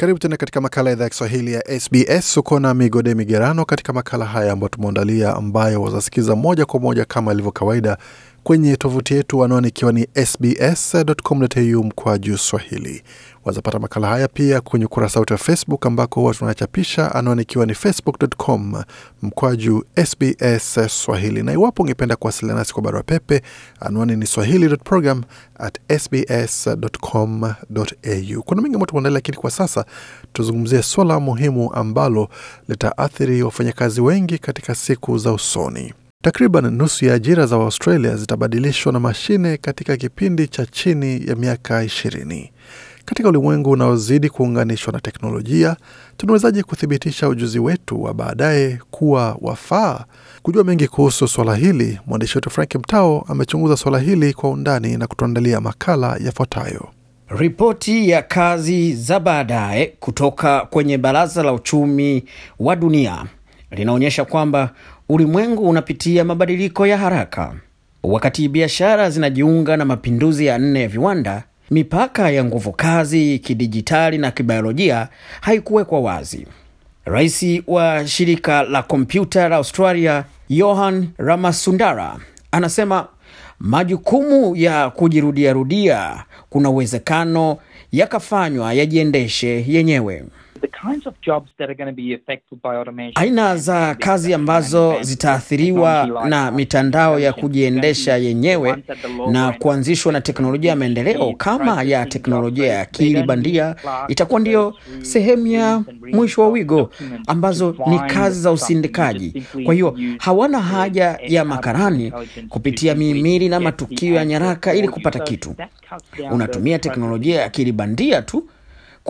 Karibu tena katika makala ya idhaa ya Kiswahili ya SBS. Uko na Migode Migerano katika makala haya ambayo tumeandalia, ambayo wazasikiza moja kwa moja kama ilivyo kawaida kwenye tovuti yetu, anwani ikiwa ni sbs.com.au mkwa juu Swahili. Wazapata makala haya pia kwenye ukurasa wetu wa Facebook ambako huwa tunachapisha, anwani ikiwa ni facebook.com juu SBS Swahili. Na iwapo ungependa kuwasiliana nasi kwa barua pepe, anwani ni swahili.program@sbs.com.au. Kuna mengi ambayo tumeandalia, lakini kwa sasa tuzungumzie swala muhimu ambalo litaathiri wafanyakazi wengi katika siku za usoni. Takriban nusu ya ajira za Waustralia zitabadilishwa na mashine katika kipindi cha chini ya miaka ishirini. Katika ulimwengu unaozidi kuunganishwa na teknolojia, tunawezaje kuthibitisha ujuzi wetu wa baadaye kuwa wafaa? Kujua mengi kuhusu swala hili, mwandishi wetu Frank Mtao amechunguza swala hili kwa undani na kutuandalia makala yafuatayo. Ripoti ya kazi za baadaye kutoka kwenye Baraza la Uchumi wa Dunia linaonyesha kwamba ulimwengu unapitia mabadiliko ya haraka. Wakati biashara zinajiunga na mapinduzi ya nne ya viwanda, mipaka ya nguvu kazi, kidijitali na kibiolojia haikuwekwa wazi. Rais wa shirika la kompyuta la Australia Johan Ramasundara anasema majukumu ya kujirudiarudia kuna uwezekano yakafanywa yajiendeshe yenyewe. Aina za kazi ambazo zitaathiriwa na mitandao ya kujiendesha yenyewe na kuanzishwa na teknolojia ya maendeleo kama ya teknolojia ya akili bandia itakuwa ndiyo sehemu ya mwisho wa wigo, ambazo ni kazi za usindikaji. Kwa hiyo hawana haja ya makarani kupitia mihimili na matukio ya nyaraka ili kupata kitu. Unatumia teknolojia ya akili bandia tu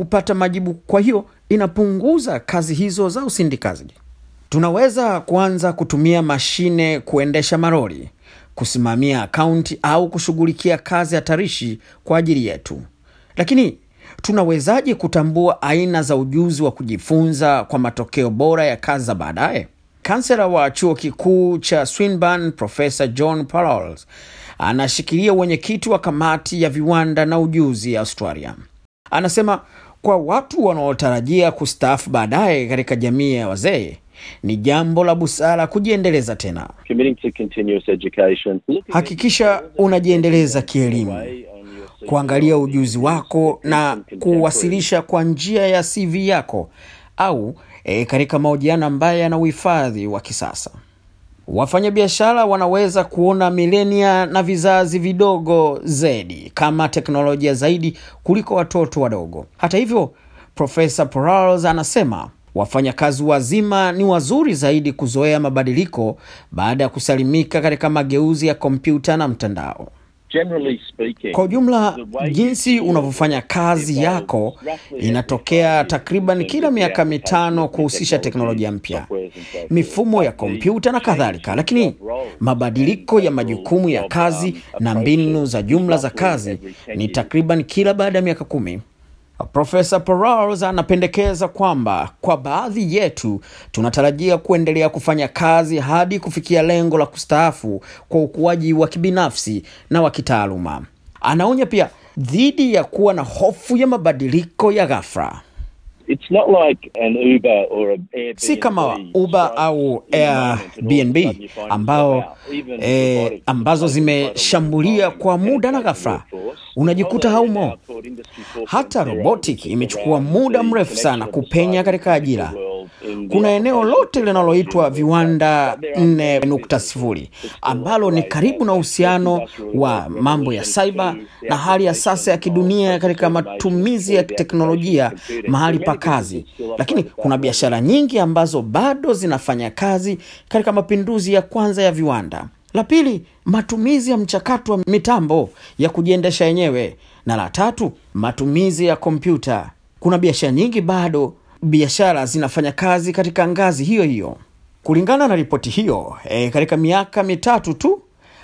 kupata majibu. Kwa hiyo inapunguza kazi hizo za usindikaji. Tunaweza kuanza kutumia mashine kuendesha maroli, kusimamia akaunti au kushughulikia kazi hatarishi kwa ajili yetu. Lakini tunawezaje kutambua aina za ujuzi wa kujifunza kwa matokeo bora ya kazi za baadaye? Kansela wa chuo kikuu cha Swinburne Profesa John Parols anashikilia uwenyekiti wa kamati ya viwanda na ujuzi Australia. Anasema kwa watu wanaotarajia kustaafu baadaye katika jamii ya wazee ni jambo la busara kujiendeleza tena. Hakikisha unajiendeleza kielimu, kuangalia ujuzi wako na kuwasilisha kwa njia ya CV yako au e, katika mahojiano ambayo yana uhifadhi wa kisasa. Wafanyabiashara wanaweza kuona milenia na vizazi vidogo zaidi kama teknolojia zaidi kuliko watoto wadogo. Hata hivyo, Profesa Porales anasema wafanyakazi wazima ni wazuri zaidi kuzoea mabadiliko baada ya kusalimika katika mageuzi ya kompyuta na mtandao. Kwa ujumla, jinsi unavyofanya kazi yako inatokea takriban kila miaka mitano kuhusisha teknolojia mpya, mifumo ya kompyuta na kadhalika, lakini mabadiliko ya majukumu ya kazi um, na mbinu za jumla za kazi ni takriban kila baada ya miaka kumi. Uh, Profesa Parals anapendekeza kwamba kwa baadhi yetu tunatarajia kuendelea kufanya kazi hadi kufikia lengo la kustaafu kwa ukuaji wa kibinafsi na wa kitaaluma. Anaonya pia dhidi ya kuwa na hofu ya mabadiliko ya ghafla. It's not like an Uber or a Airbnb, si kama Uber au Airbnb ambao e, ambazo zimeshambulia kwa muda na ghafla unajikuta haumo. Hata robotic imechukua muda mrefu sana kupenya katika ajira kuna eneo lote linaloitwa viwanda 4.0 ambalo ni karibu na uhusiano wa mambo ya saiba na hali ya sasa ya kidunia katika matumizi ya teknolojia mahali pa kazi, lakini kuna biashara nyingi ambazo bado zinafanya kazi katika mapinduzi ya kwanza ya viwanda. La pili, matumizi ya mchakato wa mitambo ya kujiendesha yenyewe, na la tatu, matumizi ya kompyuta. Kuna biashara nyingi bado biashara zinafanya kazi katika ngazi hiyo hiyo. Kulingana na ripoti hiyo e, katika miaka mitatu tu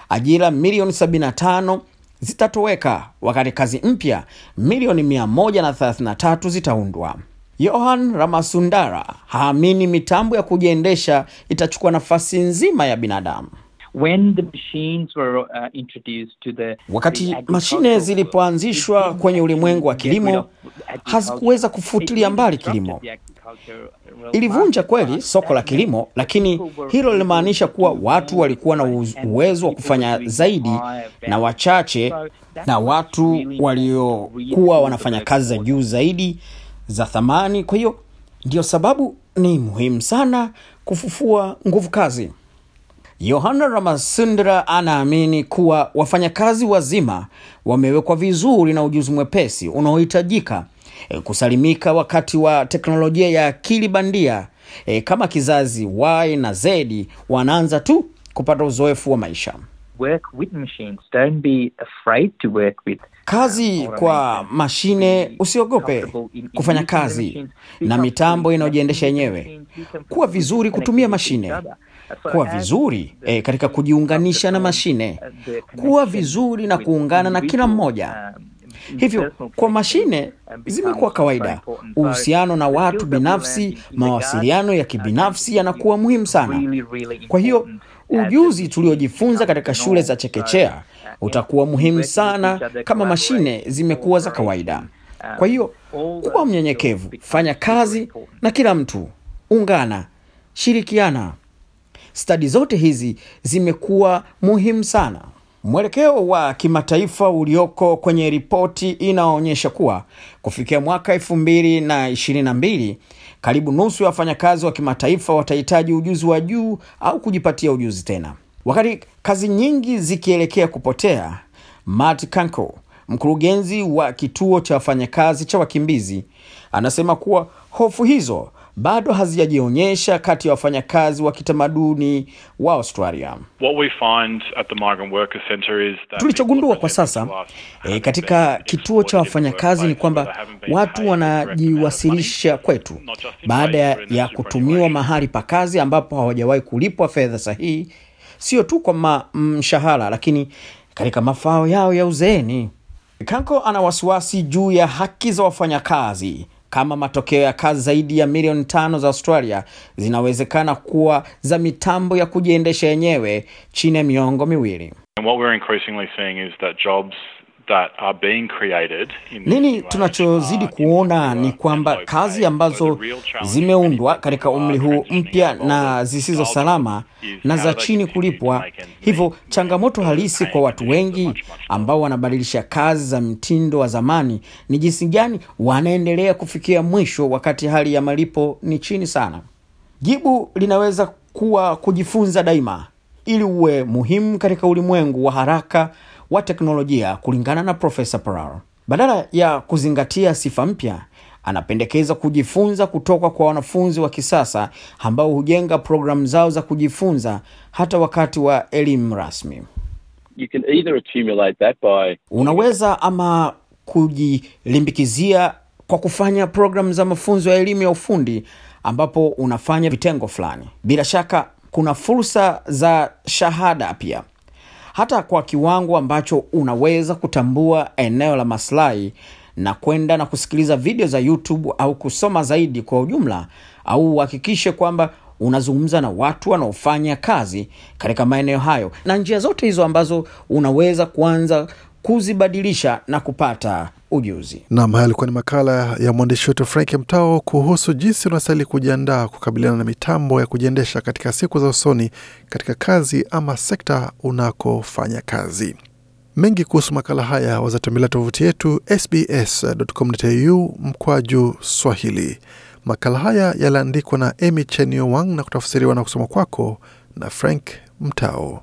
ajira milioni 75 zitatoweka wakati kazi mpya milioni 133 zitaundwa. Yohan Ramasundara haamini mitambo ya kujiendesha itachukua nafasi nzima ya binadamu. Uh, Wakati mashine zilipoanzishwa kwenye ulimwengu wa kilimo, hazikuweza kufutilia mbali kilimo. Ilivunja kweli soko la kilimo, lakini hilo lilimaanisha kuwa watu walikuwa na uwezo wa kufanya zaidi na wachache, na watu waliokuwa wanafanya kazi za juu zaidi za thamani. Kwa hiyo ndiyo sababu ni muhimu sana kufufua nguvu kazi. Yohana Ramasundara anaamini kuwa wafanyakazi wazima wamewekwa vizuri na ujuzi mwepesi unaohitajika e, kusalimika wakati wa teknolojia ya akili bandia e, kama kizazi Y na Z wanaanza tu kupata uzoefu wa maisha. Work with machines. Don't be afraid to work with uh, kazi kwa mashine, usiogope kufanya kazi na mitambo inayojiendesha yenyewe. Kuwa vizuri kutumia mashine, kuwa vizuri e, katika kujiunganisha na mashine, kuwa vizuri na kuungana na kila mmoja. Hivyo kwa mashine zimekuwa kawaida, uhusiano na watu binafsi, mawasiliano ya kibinafsi yanakuwa muhimu sana. Kwa hiyo ujuzi tuliojifunza katika shule za chekechea utakuwa muhimu sana kama mashine zimekuwa za kawaida. Kwa hiyo kuwa mnyenyekevu, fanya kazi na kila mtu, ungana, shirikiana stadi zote hizi zimekuwa muhimu sana. Mwelekeo wa kimataifa ulioko kwenye ripoti inaonyesha kuwa kufikia mwaka 222 karibu nusu ya wafanyakazi wa kimataifa watahitaji ujuzi wa juu au kujipatia ujuzi tena, wakati kazi nyingi zikielekea kupotea. mart Kanko, mkurugenzi wa kituo cha wafanyakazi cha wakimbizi, anasema kuwa hofu hizo bado hazijajionyesha kati ya wafanyakazi wa kitamaduni wa Australia. Tulichogundua kwa sasa e, katika kituo cha wafanyakazi ni kwamba watu wanajiwasilisha kwetu baada ya kutumiwa mahali pa kazi ambapo hawajawahi kulipwa fedha sahihi, sio tu kwa mm, mshahara, lakini katika mafao yao ya uzeeni. Kanko ana wasiwasi juu ya haki za wafanyakazi kama matokeo ya kazi zaidi ya milioni tano za Australia zinawezekana kuwa za mitambo ya kujiendesha yenyewe chini ya miongo miwili. And what we're increasingly seeing is that jobs that are being created in nini tunachozidi kuona ni kwamba kazi ambazo zimeundwa katika umri huu mpya na zisizo salama na za chini kulipwa hivyo changamoto halisi kwa watu wengi ambao wanabadilisha kazi za mtindo wa zamani ni jinsi gani wanaendelea kufikia mwisho wakati hali ya malipo ni chini sana jibu linaweza kuwa kujifunza daima ili uwe muhimu katika ulimwengu wa haraka wa teknolojia kulingana na Profesa Parar. Badala ya kuzingatia sifa mpya, anapendekeza kujifunza kutoka kwa wanafunzi wa kisasa ambao hujenga programu zao za kujifunza hata wakati wa elimu rasmi. You can that by... unaweza ama kujilimbikizia kwa kufanya programu za mafunzo ya elimu ya ufundi ambapo unafanya vitengo fulani. Bila shaka kuna fursa za shahada pia hata kwa kiwango ambacho unaweza kutambua eneo la maslahi na kwenda na kusikiliza video za YouTube au kusoma zaidi kwa ujumla, au uhakikishe kwamba unazungumza na watu wanaofanya kazi katika maeneo hayo, na njia zote hizo ambazo unaweza kuanza kuzibadilisha na kupata ujuzi. Nam, haya alikuwa ni makala ya mwandishi wetu Frank Mtao kuhusu jinsi unastahili kujiandaa kukabiliana na mitambo ya kujiendesha katika siku za usoni katika kazi ama sekta unakofanya kazi. Mengi kuhusu makala haya wazatembelea tovuti yetu sbs.com.au mkwaju Swahili. Makala haya yaliandikwa na Emy Chenyo na kutafsiriwa na kusoma kwako na Frank Mtao.